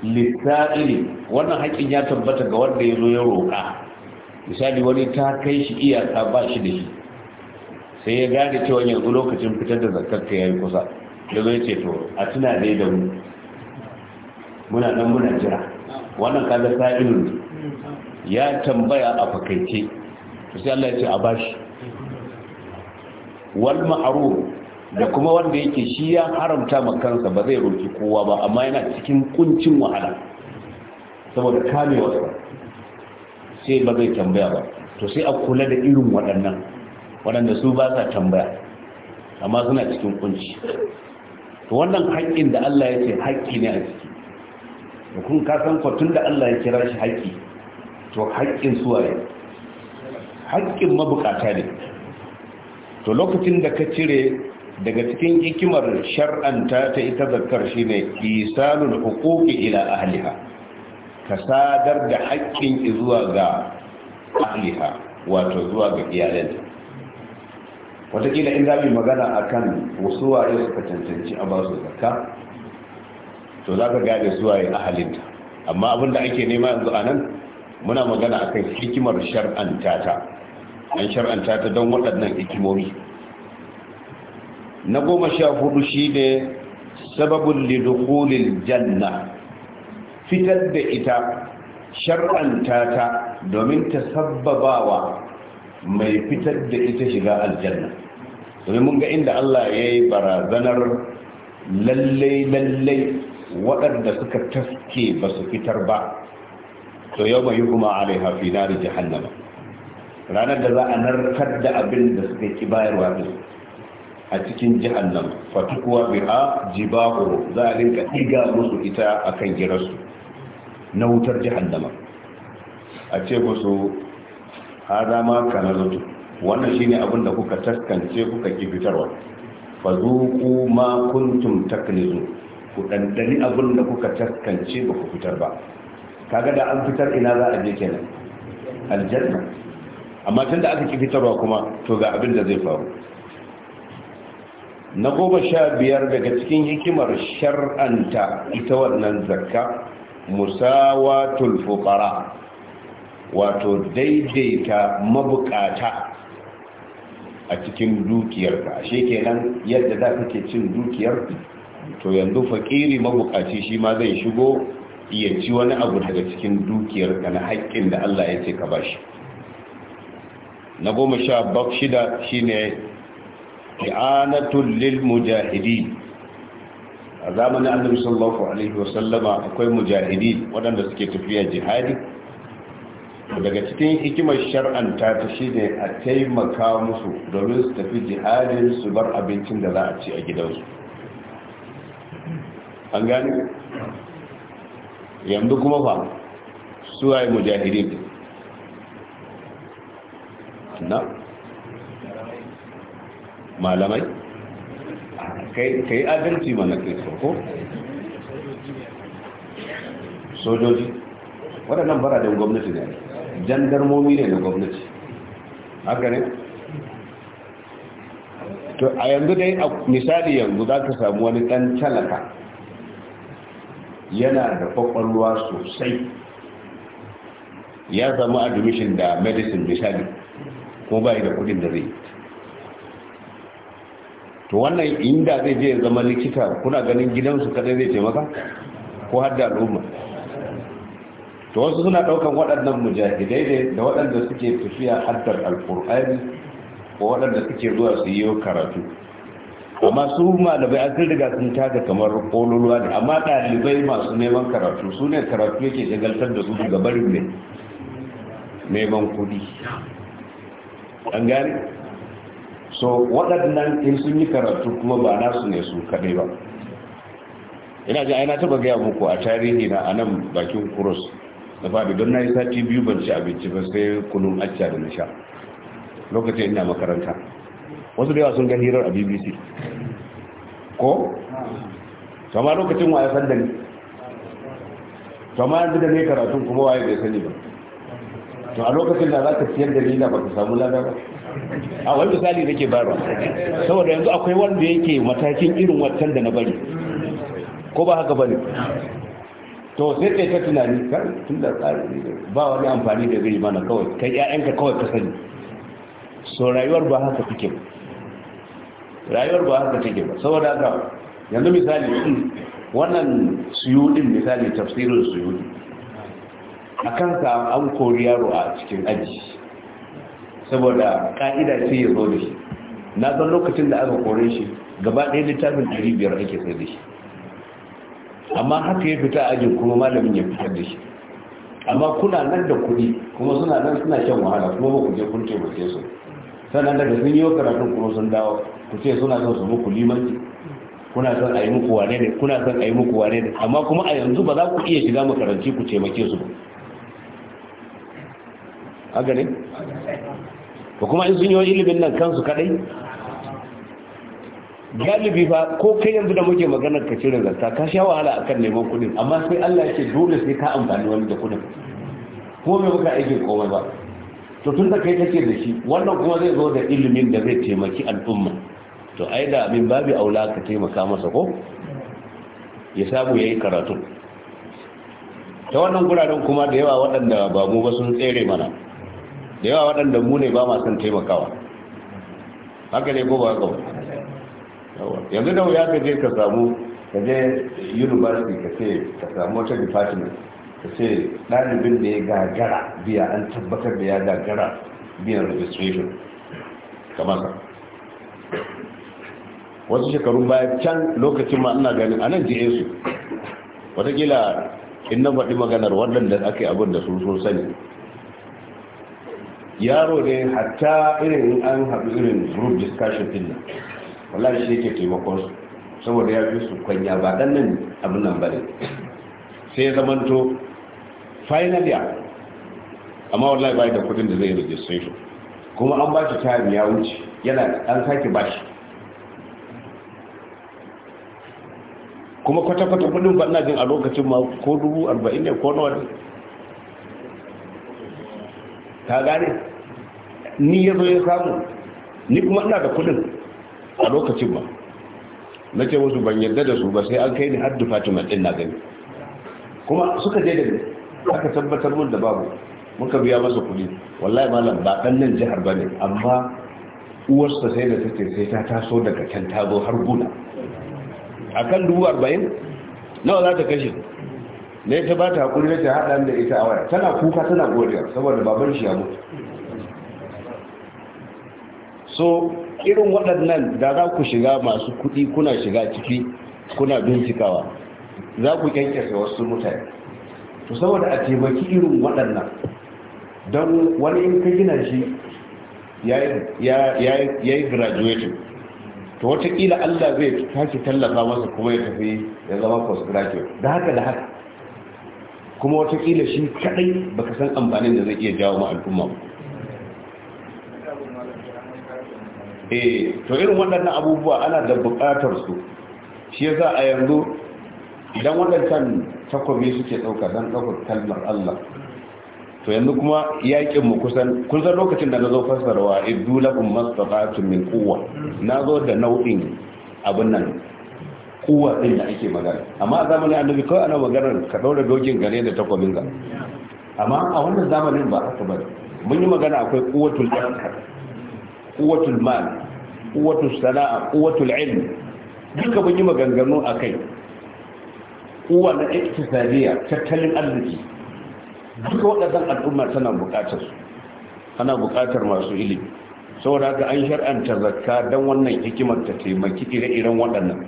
lissa'ili wannan haƙƙin ya tabbata ga wanda ya zo ya roƙa misali wani ta kai shi iyaka ba shi da shi sai ya gane cewa yanzu lokacin fitar da zakarka ya yi kusa ya zo ya ce to a tuna dai da mu muna nan muna jira wannan kaga sa'ilun ya tambaya a fakaice to sai Allah ya ce a bashi wal ma'ruf da kuma wanda yake shi ya haramta ma kansa ba zai roki kowa ba amma yana cikin kuncin wahala saboda kamewa sai ba zai tambaya ba to sai a kula da irin waɗannan waɗanda su ba sa tambaya amma suna cikin kunci to wannan haƙƙin da Allah ya ce haƙƙi ne a ciki da kun kasan kwatun da Allah ya kira shi haƙƙi to haƙƙin su waye haƙƙin mabukata ne to lokacin da ka cire daga cikin hikimar shar'anta ta ita zakkar shine isalul huquqi ila ahliha ka sadar da haƙƙin zuwa ga ahliha wato zuwa ga iyalanta watakila in za zaɓi magana a kan wasu waye suka cancanci a su zakka to za ka gane su waye ahalinta amma abin da ake nema yanzu a nan muna magana a kan hikimar shar'anta ta an shar'anta ta don waɗannan hikimomi na goma sha hudu shi ne sababin lidukulil janna fitar da ita shar'anta ta domin ta sabbabawa mai fitar da ita shiga aljanna domin mun ga inda Allah ya yi barazanar lallai-lallai waɗanda suka taske ba su fitar ba to yau mai kuma alaiha fi jahannama ranar da za a narkar da abin da suka ki bayarwa ne a cikin jahannam fatukuwa biha jibahu za a rinka ɗiga musu ita akan girarsu na wutar jahannama a ce musu hada ma zato, wannan shine abin da kuka taskance kuka ki fitarwa fazuku ma kuntum taknizu ku dandani abin da kuka taskance ba ku fitar ba kaga da an fitar ina za a je kenan aljanna amma tunda aka ki fitarwa kuma to ga abin da zai faru na goma sha biyar daga cikin hikimar shar'anta ita wannan zakka musawatul fuqara wato daidaita mabukata a cikin dukiyarka Ashe kenan yadda ka kake cin dukiyar to yanzu fakiri mabukaci shi ma zai shigo iya ci wani abu daga cikin dukiyar ka na haƙƙin da Allah ya ce ka shi na goma sha bak shida shine i'anatul lil mujahidi a zamanin annabi sallallahu alaihi wasallama akwai mujahidi waɗanda suke tafiya jihadi daga cikin hikimar shar'anta ta shi ne a taimaka musu domin su tafi jihadin su bar abincin da za a ci a gidansu an gani yanzu kuma su waye mujahidin na malamai ka yi adalci mana kai ko sojoji waɗannan bara da gwamnati ne jandarmomi ne na gwamnati haka ne to a yanzu dai a misali yanzu za ka samu wani ɗan talaka yana da kwakwalwa sosai ya zama admission da medicine misali ko bai da kudin da zai to wannan inda zai je zama likita kuna ganin gidansu kadai zai taimaka ko har da al'umma to wasu suna daukan waɗannan mujahidai ne da waɗanda suke tafiya haddar alƙur'ani ko waɗanda suke zuwa su yi karatu amma su malamai an riga sun taga kamar ƙololuwa ne amma ɗalibai masu neman karatu su ne karatu yake shagaltar da su daga barin ne neman kuɗi an gane so waɗannan in sun yi karatu kuma ba nasu ne su kaɗai ba ina ji aina taɓa gaya muku a tarihi na anan bakin kuros da faɗi don na yi sati biyu ban ci abinci ba sai kunun acca da nisha. lokacin ina makaranta wasu da yawa sun gani hirar a bbc ko? kama lokacin wa ya san da ni kama yanzu da ne karatun kuma waye bai sani ba to a lokacin da za ka siyar da nila ba ka samu lada ba a wani misali ke barwa saboda yanzu akwai wanda yake matakin irin wancan da na bari ko ba haka ne? to sai ta tunani kan tun da tsari ba wani amfani da gari mana kawai kai ƴaƴanka kawai ka sani so rayuwar ba haka take ba rayuwar ba haka take ba saboda haka yanzu misali wannan suyudin misali tafsirin suyudi a kansa an kori yaro a cikin aji saboda ka'ida ce ya zo da shi na san lokacin da aka kore shi gaba ɗaya littafin 500 ake sai da shi amma haka ya fita ajin kuma malamin ya fitar da shi amma kuna nan da kuɗi kuma suna nan suna shan wahala kuma ba ku je kun taimake su sannan daga sun yi karatun kuma sun dawo ku ce suna son su muku limanci kuna son a yi muku wane ne kuna son a yi muku wane ne amma kuma a yanzu ba za ku iya shiga makaranci ku taimake su ba ne ba kuma in sun yi ilimin nan kansu kadai galibi ba ko kai yanzu da muke maganar ka cire zakka ka sha wahala akan neman kudin amma sai Allah ya ce dole sai ka amfani wani da kudin ko me muka aikin komai ba to tun da kai take da shi wannan kuma zai zo da ilimin da zai taimaki al'umma to ai da abin babu aula ka taimaka masa ko ya samu yayi karatu ta wannan guraren kuma da yawa waɗanda ba mu ba sun tsere mana da yawa waɗanda mu ne ba ma son taimakawa haka ne ko ba haka ba yanzu da wuya ka je ka samu ka je university ka ce ka samu wata department ka ce ɗalibin da ya gagara biya an tabbatar da ya gagara biyan registration kamar ka wasu shekarun baya can lokacin ma ina ganin a nan jiye su watakila in na faɗi maganar waɗanda ake abin da sun so sani yaro ne hatta irin an haɗu irin group discussion din nan wallahi shi yake taimakon su saboda ya fi su kwanya ba dan nan abin nan bane sai ya zamanto final year amma wallahi bai da kudin da zai registration kuma an ba shi time ya wuce yana an sake ba shi kuma kwata-kwata kudin ba ina jin a lokacin ma ko dubu arba'in ne ko nawa ne ta gane ni ya zo ya samu ni kuma ina da kudin a lokacin ba na ce musu ban yadda da su ba sai an kai ni haddu fatima ɗin na gani kuma suka je da ni aka tabbatar mun da babu muka biya masa kuɗi wallahi malam ba ɗan nan jihar ba ne amma uwarsa sai da take sai ta taso daga can ta zo har guna a kan dubu arba'in nawa za ta kashe ne ta ba ta hakuri na ta haɗa da ita a waya tana kuka tana godiya saboda baban shi ya mutu so irin waɗannan da za ku shiga masu kuɗi kuna shiga ciki kuna bincikawa za ku kyankyasa wasu mutane to saboda a taimaki irin waɗannan don wani in ka gina shi ya yi graduating to watakila allah zai tashi tallafa masa kuma ya tafi ya zama graduate da haka da haka kuma watakila shi kadai baka san amfanin da zai iya jawo ma al'umma ba eh to irin waɗannan abubuwa ana da buƙatar su shi yasa a yanzu idan waɗancan takobi suke ɗauka don ɗaukar kalmar Allah to yanzu kuma yaƙin mu kusan kun san lokacin da na zo fassarwa iddu lakum mastata'tum min quwwa na zo da nau'in abin nan kuwa din da ake magana amma a zamanin annabi kawai ana magana ka daura dogin gare da takwabin ga amma a wannan zamanin ba haka ba mun yi magana akwai quwwatul askar kuwatul mal kuwatul sana'a kuwatul ilm duka mun yi maganganu akai kuwa na iktisadiya tattalin arziki duka waɗannan al'umma tana buƙatar ana buƙatar masu ilimi saboda haka an shar'anta zakka dan wannan hikimar ta taimaki ire-iren waɗannan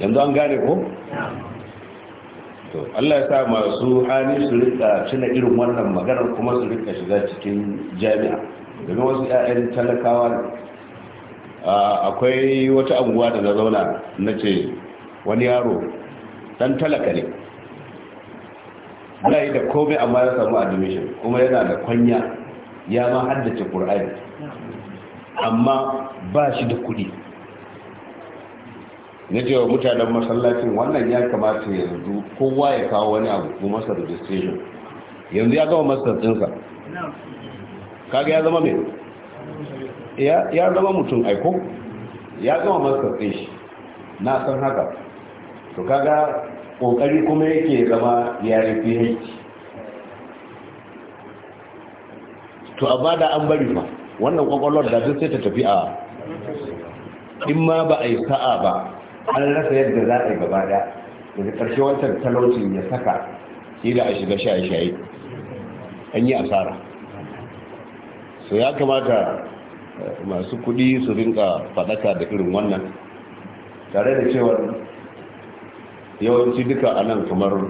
yanzu an gane ko? to Allah ya sa masu hali su rika cina irin wannan maganar kuma su rika shiga cikin jami'a daga wasu 'ya'yan talakawa akwai wata anguwa da na zauna na ce wani yaro dan talaka ne ana yi da komai amma ya samu admission kuma yana da kwanya ya ma haddace ƙur'ani amma ba shi da kuɗi na cewa mutanen masallacin wannan ya kamata yanzu kowa ya kawo wani abu ko masa registration yanzu ya gama masallacinsa kaga ya zama mai ya zama mutum aiko ya gama masallacin shi na san haka to kaga ƙoƙari kuma yake zama yare haiti to a da an bari fa wannan ƙwaƙwalwar da duk sai ta tafi a in ma ba a yi sa'a ba an rasa yadda za a yi gaba da daga ƙarshe wancan talaucin ya saka shi da a shiga shaye-shaye an yi asara so ya kamata eh, masu kuɗi su rinka faɗaka da irin wannan tare da cewa yawanci duka a nan kamar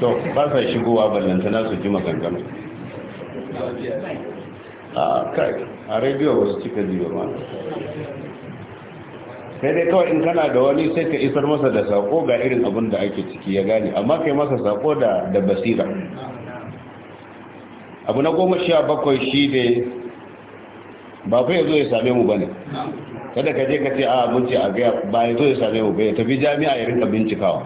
to ba sa shigowa ballantana su ji maganganu a ah, kai a rediyo wasu cika ji ba sai dai kawai in kana da wani sai ka isar masa da sako ga irin abin da ake ciki ya gane amma kai masa sako da da basira abu na goma sha bakwai shi ne ba kai zo ya same mu bane kada ka je ka ce a mun ce a ga ba zo ya same mu ba ya tafi jami'a ya rinka bincikawa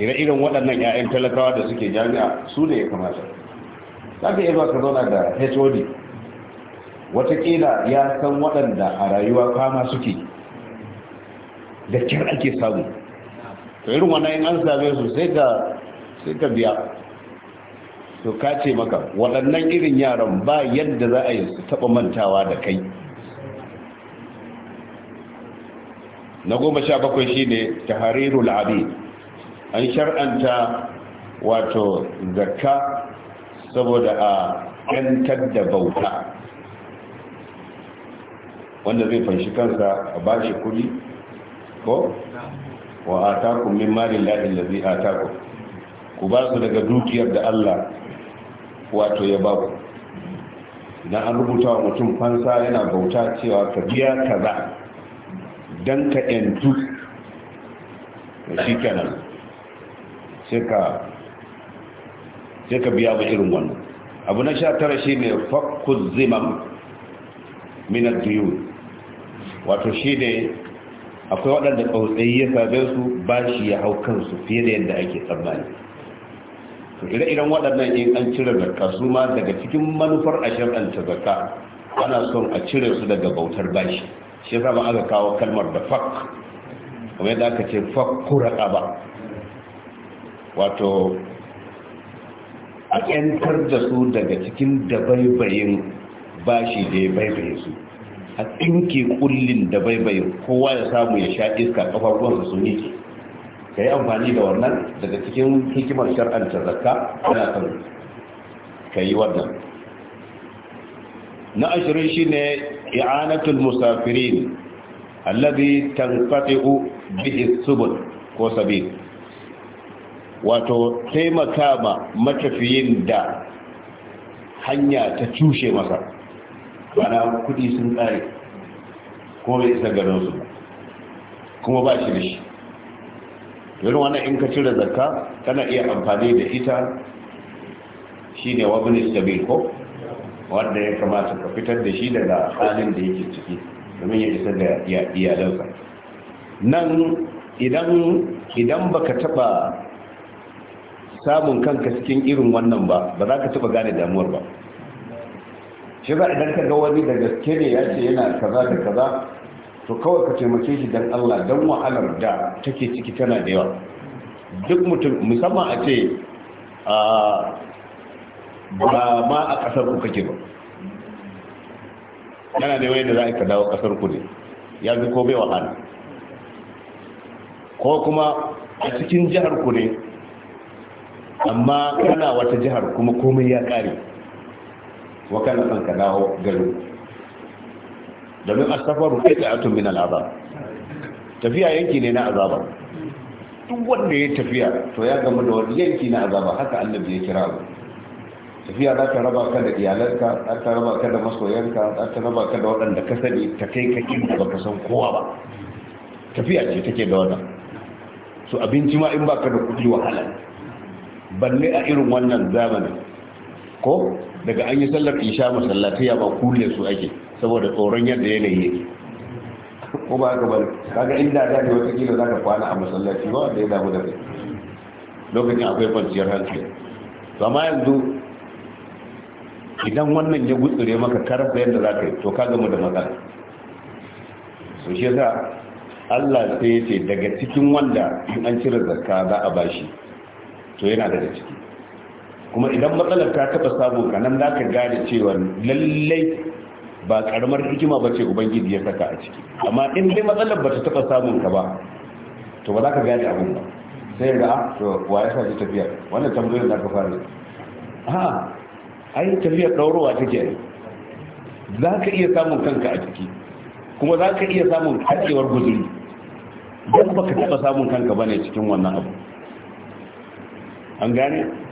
ire irin waɗannan ƴaƴan talakawa da suke jami'a su ne ya kamata za ka iya zuwa ka zauna da HOD Wataƙila ya san waɗanda a rayuwa kama suke da kyar ake samu to irin wannan in an same su sai ka sai ka biya to ka ce maka waɗannan irin yaran ba yadda za a yi su taɓa mantawa da kai na goma sha bakwai shine hariru la'abi an shar'anta wato zakka saboda a yantar da bauta wanda zai fanshi kansa a bashi kuɗi ko wa ataku min malin lahi allazi ataku, ku ba su daga dukiyar da Allah wato ya ba ku idan an rubuta wa mutum fansa yana bauta cewa ka biya kaza dan ka yantu shi kenan sai ka biya ba irin wannan abu na sha tara shi ne fakku zimam minar wato shi ne akwai waɗanda tsautsayi ya same su ba shi ya hau kansu fiye da yadda ake tsammani to ire-iren waɗannan in an cire zakka su ma daga cikin manufar a ta zakka ana son a cire su daga bautar bashi shi ya ba aka kawo kalmar da fak kuma yadda aka ce fak kura ba wato a yantar da su daga cikin dabaibayin bashi da ya baibaye su a tsinke kullin da baibayo kowa ya samu ya sha iska kafafuwansa sun yi ka yi amfani da wannan daga cikin hikimar shar'anta zakka na son ka yi wannan na ashirin shi ne i'anatul musafirin allazi tanfati'u bihi subul ko sabil wato taimaka ma matafiyin da hanya ta cushe masa bana kudi sun tsari, kuma bai isa garin su kuma ba shi da shi irin wani in ka cire zakka kana iya amfani da ita shi shine wabin sabil ko wanda ya kamata ka fitar da shi daga halin da yake ciki domin ya isa da iyalansa nan idan ba baka taba samun kanka cikin irin wannan ba ba za ka taba gane damuwar ba shi ba idan ka ga wani da gaske ne ya ce yana kaza da kaza to kawai ka taimake shi dan Allah dan wahalar da take ciki tana da yawa duk mutum musamman a ce ba ma a kasar ku kake ba yana da wani da za ka dawo kasar ku ne ya ji ko bai wahala ko kuma a cikin jihar ku ne amma kana wata jihar kuma komai ya kare wa kana son ka dawo garin domin asafaru kai da atun min al'azab tafiya yanki ne na azaba duk wanda ya tafiya to ya gama da wani yanki azaba haka annabi ya kira mu tafiya za ta raba ka da iyalanka za ta raba ka da masoyanka za ta raba ka da waɗanda ka sani ta kai ka kowa ba tafiya ce da su abinci ma in baka da kuɗi wahala balle a irin wannan zamani. ko daga an yi sallar isha ya ba kulle su ake saboda tsoron yadda yanayi yake ko ba ka bari kaga inda da ne wata kila zaka kwana a masallaci ba da ya damu da lokacin akwai kwanciyar hankali amma yanzu idan wannan ya gutsure maka karar da yadda zaka yi to ka gama da matsala so shi yasa Allah sai ya ce daga cikin wanda in an cire zakka za a bashi to yana daga ciki kuma idan matsalar ta taɓa samun ka nan za ka gane cewa lallai ba karamar hikima ba ce ubangiji ya saka a ciki amma in dai matsalar ba ta taɓa samun ka ba to ba za ka gane abin ba sai ga ah, to wa ya sa tafiya wannan tambayar da ka fara ha ai tafiya ɗaurowa take za ka iya samun kanka a ciki kuma za ka iya samun katsewar guzuri don ba ka taɓa samun kanka ba ne cikin wannan abu an gane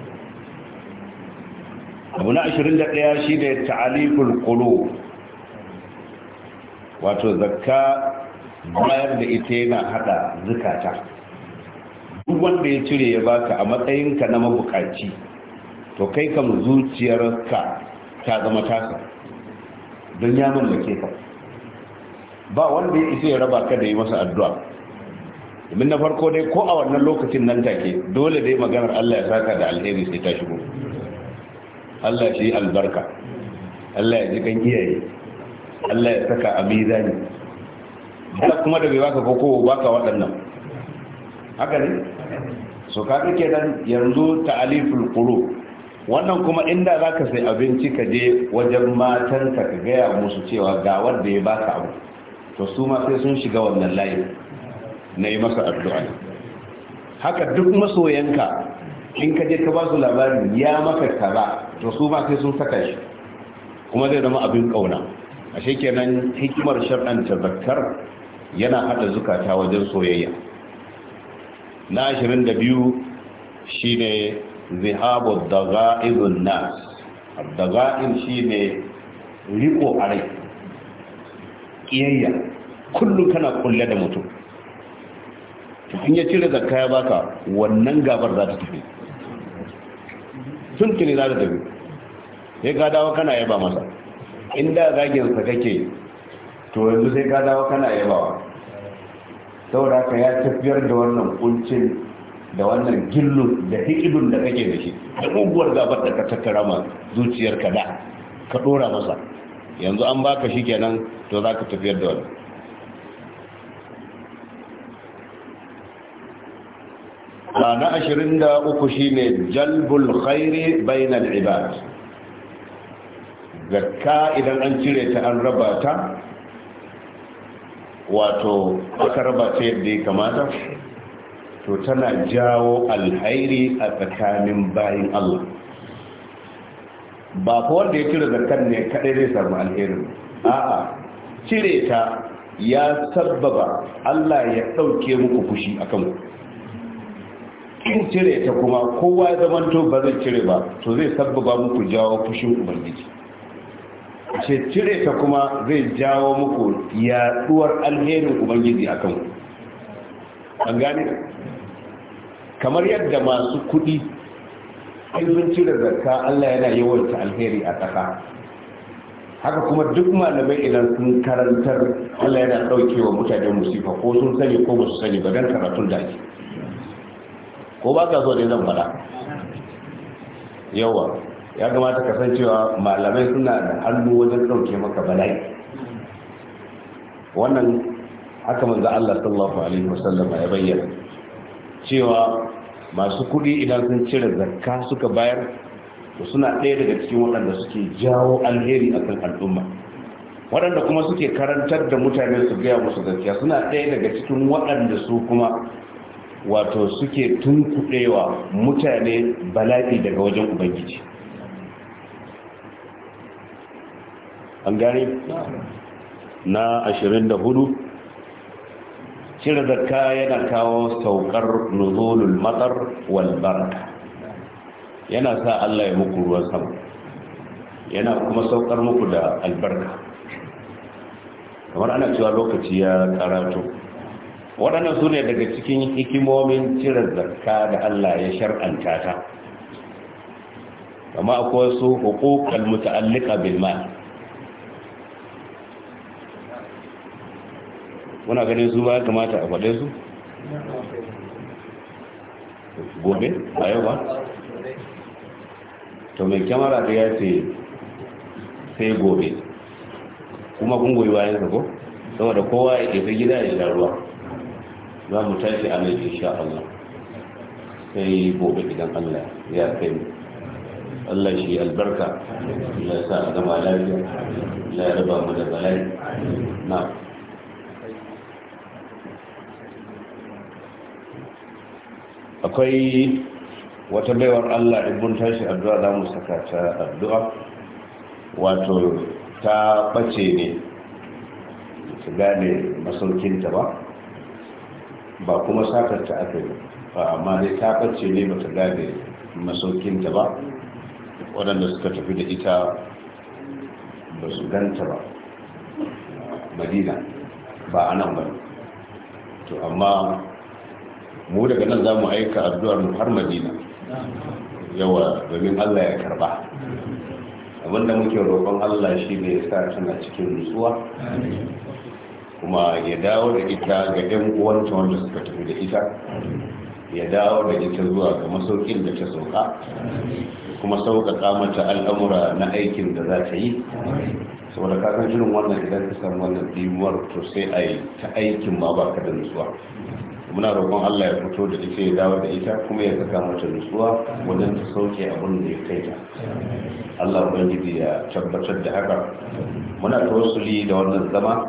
abu na 21 shi ne ta'alikul ƙulu. wato zakka bayar da ita yana haɗa zukata duk wanda ya cire ya baka a matsayinka na mabukaci to kai kam zuciyarka ta zama tasa don ya mallake ka ba wanda ya isa ya raba ka da yi masa addu'a domin na farko dai ko a wannan lokacin nan take dole dai maganar Allah ya saka da alheri sai ta shigo Allah shi albarka Allah ya ji kan iyaye Allah ya saka a mizani Allah kuma da bai baka koko baka waɗannan haka ne so ka kake nan yanzu ta'aliful qulu wannan kuma inda zaka sai abinci ka je wajen matan ka ka gaya musu cewa ga wanda ya baka abu to su ma sai sun shiga wannan layi na yi masa addu'a haka duk masoyanka in ka je ka ba su labarin ya maka kaza to su ma sai sun saka shi kuma zai zama abin kauna ashe kenan hikimar shar'an tazakkar yana hada zukata wajen soyayya na 22 shine zihabu daga'izun nas shi shine riko a rai ƙiyayya kullum kana kulle da mutum in ya cire zakka ya baka wannan gabar za ta tafi Tuntuni tuni za ta tafi sai ka dawo kana yaba masa inda zaginsa kake to yanzu sai ka dawo kana yabawa saboda ka ya tafiyar da wannan kuncin da wannan gillun da hikidun da kake da shi da unguwar gabar da ka tattara ma zuciyarka da ka dora masa yanzu an baka shi kenan to za ka tafiyar da wannan na ashirin da uku shine jalbul khairi bainal ibad zakka idan an cire ta an raba ta wato aka raba ta yadda ya kamata to tana jawo alhairi a tsakanin bayan Allah ba fa wanda ya cire zakkan ne kadai zai samu alherin a'a cire ta ya sabbaba Allah ya ɗauke muku fushi a kanku. in cire ta kuma kowa ya zamanto ba zai cire ba to zai sabbaba muku jawo fushin ubangiji ce cire ta kuma zai jawo muku yaduwar alherin ubangiji a kanku an gane kamar yadda masu kudi in sun cire zakka allah yana yawanta alheri a ƙasa haka kuma duk malamai idan sun karantar allah yana ɗauke wa mutane musifa ko sun sani ko ba sani ba don karatun daji. ko ba ka so ne zan faɗa yawa ya kamata ka san cewa malamai suna da hannu wajen ɗauke maka bala'i wannan haka manzo Allah sallallahu alaihi wasallam ya bayyana cewa masu kuɗi idan sun cire zakka suka bayar to suna ɗaya daga cikin waɗanda suke jawo alheri a kan al'umma waɗanda kuma suke karantar da mutane su gaya musu gaskiya suna ɗaya daga cikin waɗanda su kuma wato suke tunkuɗewa mutane bala'i daga wajen ubangiji an gane na ashirin da hudu cire zakka yana kawo saukar nuzulul matsar walbarka. yana sa Allah ya muku ruwan sama yana kuma saukar muku da albarka kamar ana cewa lokaci ya karatu. waɗannan su ne daga cikin hikimomin cire zarka da Allah ya shar'anta ta amma akwai su hukukan muta'alliqa bil mal muna ganin su ba kamata a faɗe su gobe a yau ba to mai kyamara ta ya ce sai gobe kuma kun goyi bayan ko saboda kowa ya ke gida ya sha ruwa za mu tashi a nan insha Allah sai gobe idan Allah ya kai mu Allah shi albarka Allah sa a gama lafiya Allah ya raba mu da bala'i na akwai wata baiwar Allah ibn tashi addu'a za mu saka ta addu'a wato ta bace ne su gane masaukinta ba ba kuma sakarta aka yi amma dai ta ɓace ne bata gane masaukinta ba waɗanda suka tafi da ita ba su ganta ba madina ba a nan ba to amma mu daga nan za mu aika addu'ar mu har madina yawa domin allah ya karba abinda muke roƙon allah shi ne ya sa tana cikin nutsuwa kuma ya dawo da ita ga ɗan uwanta wanda suka tafi da ita ya dawo da ita zuwa ga masaukin da ta sauka kuma sauƙaƙa mata al'amura na aikin da za ta yi saboda shirin wannan idan ka san wannan dimuwar to sai a yi ta aikin ma ba ka da nutsuwa muna roƙon Allah ya fito da ita ya dawo da ita kuma ya saka mata nutsuwa wajen ta sauke abin da ya kai ta Allah ubangiji ya tabbatar da haka muna tawassuli da wannan zama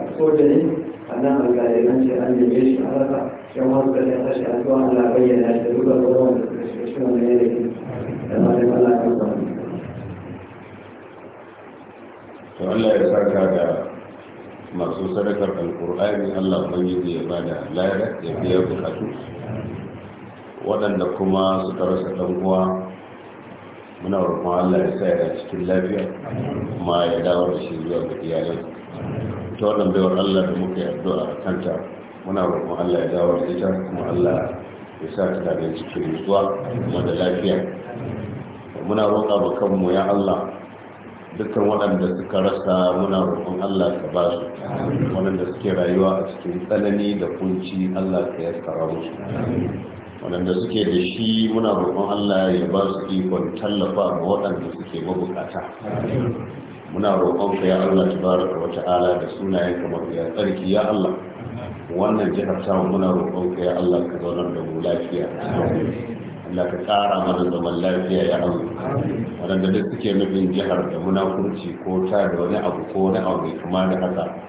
ko da ne annan alƙaliran ce an neme shi a rasa shan wasu da ya tashi a zuwa Allah bayyana shi da duka ruwan da suka shi shi wannan yanayi da matan Allah kan ba to Allah ya saka da masu sadakar alƙur'ani Allah ubangiji ya bada lada ya biya bukatu waɗanda kuma suka rasa ɗan muna rufin Allah ya sa a cikin lafiya kuma ya dawo da shi zuwa ga iyalai ta wannan baiwar Allah da muka yarda a kanta muna rufin Allah ya dawo da ita kuma Allah ya sa ta da cikin zuwa, kuma da lafiya muna roƙa ba kanmu ya Allah dukkan waɗanda suka rasa muna roƙon Allah ka ba su waɗanda suke rayuwa a cikin tsanani da kunci Allah ka yassara musu waɗanda suke da shi muna roƙon Allah ya ba su ikon tallafa ga waɗanda suke mabukata muna roƙon ka ya Allah tabaraka wa ta'ala da sunayen kamar ya tsarki ya Allah wannan jihar samu muna roƙon ka ya Allah ka zaunar da mu lafiya Allah ka tsara mana zaman lafiya ya Allah waɗanda duk suke nufin jihar da munafurci ko ta da wani abu ko wani abu mai kama da haka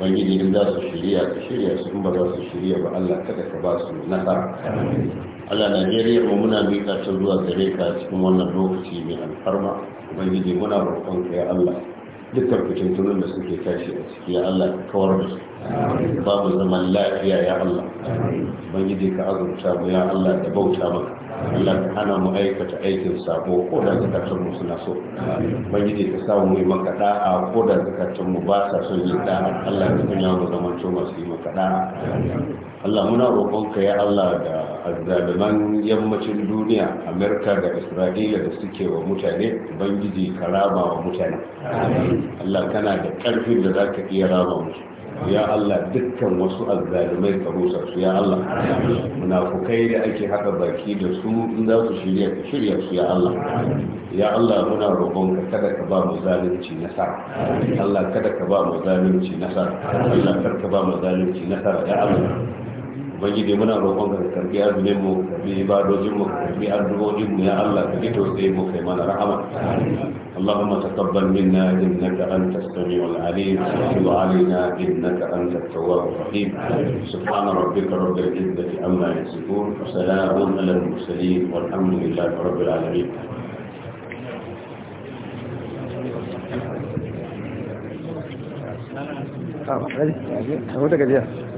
bangiji in za su shirya su shirya su ba za su shirya ba Allah kada ka ba su nasara Allah Najeriya ba muna miƙa ta zuwa gare ka cikin wannan lokaci mai alfarma ubangiji muna roƙon ka ya Allah dukkan fitintunan da suke tashi a ciki ya Allah kawar da su ba mu zaman lafiya ya Allah ubangiji ka azurta mu ya Allah da bauta maka Allah ta hana mu aikata aikin sabo ko da zakatun suna so ubangiji ka samu mu yi makaɗa, ko da zakatun ba sa son yin da Allah ka kunya mu zaman to masu yi makaɗa. Allah muna roƙon ya Allah da azzaliman yammacin duniya Amerika da Isra'ila da suke wa mutane ubangiji ka raba wa mutane Allah kana da ƙarfin da zaka iya raba musu ya Allah dukkan wasu azzalumai ka rusa su ya Allah munafukai da ake haka baki da su in za su shirya ka shirya su ya Allah ya Allah muna roƙon ka kada ka ba mu zalunci nasara Allah kada ka ba mu zalunci nasara Allah kada ka ba mu zalunci nasara ya Allah ubangiji muna roƙon ka karbi azumin mu karbi ibadojin mu karbi addu'o'in mu ya Allah ka fito sai mu kai mana rahama اللهم تقبل منا انك انت السميع العليم وتب علينا انك انت التواب الرحيم سبحان ربك رب العزه عما يصفون وسلام على المرسلين والحمد لله رب العالمين Ah, ready? Aku dah kerja.